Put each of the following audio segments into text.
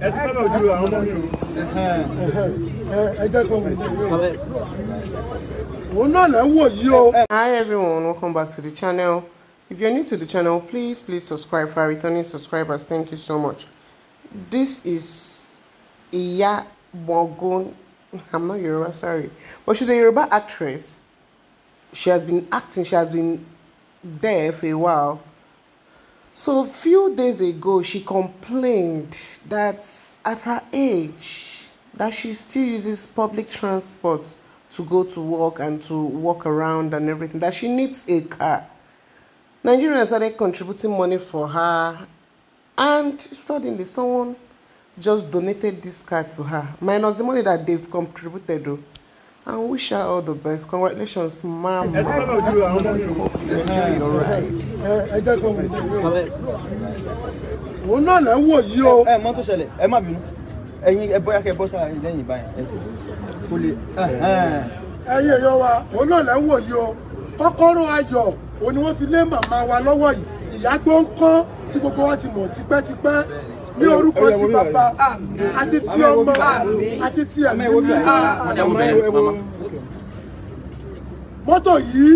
Hi everyone, welcome back to the channel. If you're new to the channel, please, please subscribe for our returning subscribers. Thank you so much. This is Iya Mogun. I'm not Yoruba, sorry. But she's a Yoruba actress. She has been acting, she has been there for a while. So a few days ago, she complained that at her age, that she still uses public transport to go to work and to walk around and everything, that she needs a car. Nigerians started contributing money for her, and suddenly someone just donated this car to her, minus the money that they've contributed though and wish her all the best. Congratulations, ma'am. I hope you enjoy your ride. Ẹ jẹ́ kó wọ́n náà lẹ́ wò yí o. Ẹ mọ tó ṣẹlẹ̀, ẹ má bínú. Ẹyin ẹ bóyá kẹ bọ́ sára lẹ́yìn ìbáyẹn. Kò lè. Ẹyin èèyàn wa, òun náà lẹ́ wò yí o. Kọ́kọ́rọ́ ayọ̀ òun ni wọ́n fi lé màmá wa lọ́wọ́ yìí. Ìyá tó ń kọ́ tí gbogbo wa ti mọ̀ tipẹ́tipẹ́ ní orúkọ ti bàbá àti ti ọmọ àti ti ẹ̀mí mi. mọ́tò yìí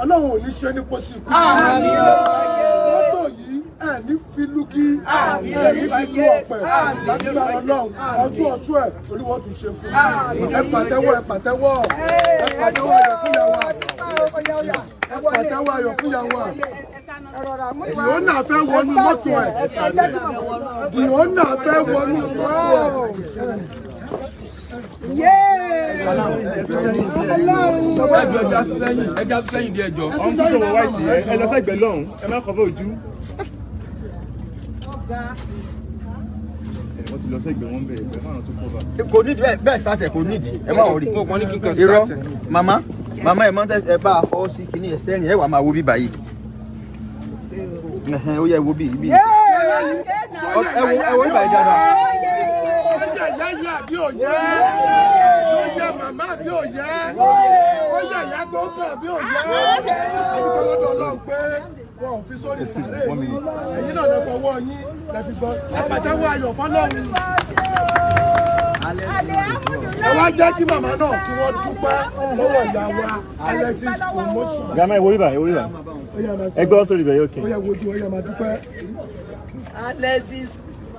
ọlọ́run ò ní ṣe ní pósí ikú. mọ́tò yìí ẹ̀ ní filugi ẹ̀ ní filu ọ̀pẹ̀ lágbára ọlọ́run ọtún ọtún ẹ̀ olúwo tún ṣe fún un. ẹ pàtẹ́wọ́ ẹ pàtẹ́wọ́ ẹ pàtẹ́wọ́ ayọ̀ fún yàwá ẹ pàtẹ́wọ́ ayọ̀ fún yàwá one. Diona fẹ́ wọnú mọ́tò ẹ̀. Diona fẹ́ wọnú mọ́tò ẹ̀. Ẹja sẹ́yìn di ẹjọ́, ọ̀hún tó wọ wáìtì ẹ, ẹ lọ sẹ́gbẹ̀ẹ́ lọ́hùn, ẹ má kọ́ fẹ́ ojú. Wọ́n ti lọ sẹ́gbẹ̀ẹ́ wọn bẹ̀rẹ̀ pẹ̀lú àwọn tó kọ́ bá. Kò nídìí bẹ́ẹ̀ sáfẹ̀ kò nídìí, ẹ má wọrí. Irọ́ màmá mama, mama, mọ́ ẹ bá a fọwọ́ sí kinní ẹ̀ sẹ́yìn ẹ̀ wà máa wo bíbá yìí. Yeah. ó yẹ wo bí ibi ẹ̀wọ̀ ẹ̀wọ̀ ìgbà ìjàdá. sọ́jà yáyà bí òye sọ́jà màmá bí òye sọ́jà yàgbọ́ kan bí òye ẹ̀dùkọ́ lọ́dọ̀ ọlọ́run pé wọn ò fi sórí sàárè yìí ẹ̀yin náà lè fọwọ́ yín lè fi gbọ́ ẹ̀ pàtẹ́wọ́ ayọ̀ fọ́lọ́run ẹ wá jẹ́ kí màmá náà kí wọ́n dúpẹ́ lọ́wọ́ ìyá wa Alexis promotion. gàmá ìwọ ibà ìwọ ibà ẹgbẹ́ ọ̀sọ̀ ibà yóò kí. ó yẹ wojú ó yẹ Alexis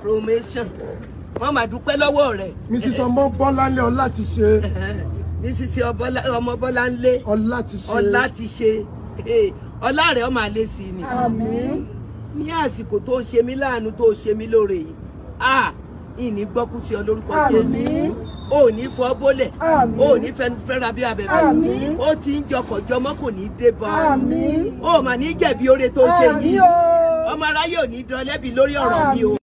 promotion wọ́n máa dúpẹ́ lọ́wọ́ rẹ̀. Mrs. ọmọ Bọ́láńlé ọlá ti ṣe. Mrs. ọmọ Bọ́láńlé ọlá ti ṣe ọlá rẹ̀ ọmọ àlẹ́ sí ni. ní àsìkò tó ṣe mí láàánú tó ṣe mí lóore yìí ah, ìní gbọ́kú sí ọ lórúkọ Jésù o ò ní fọ́ bólẹ̀ o ò ní fẹ́ra bí abẹ̀bẹ̀ o ti ń jọkọ̀ jọmọ kò ní dé bọ́ o mà ní jẹ̀bi oore tó ṣe yìí ọmọ aráyé ò ní dán lẹ́bi lórí ọ̀rọ̀ mi o.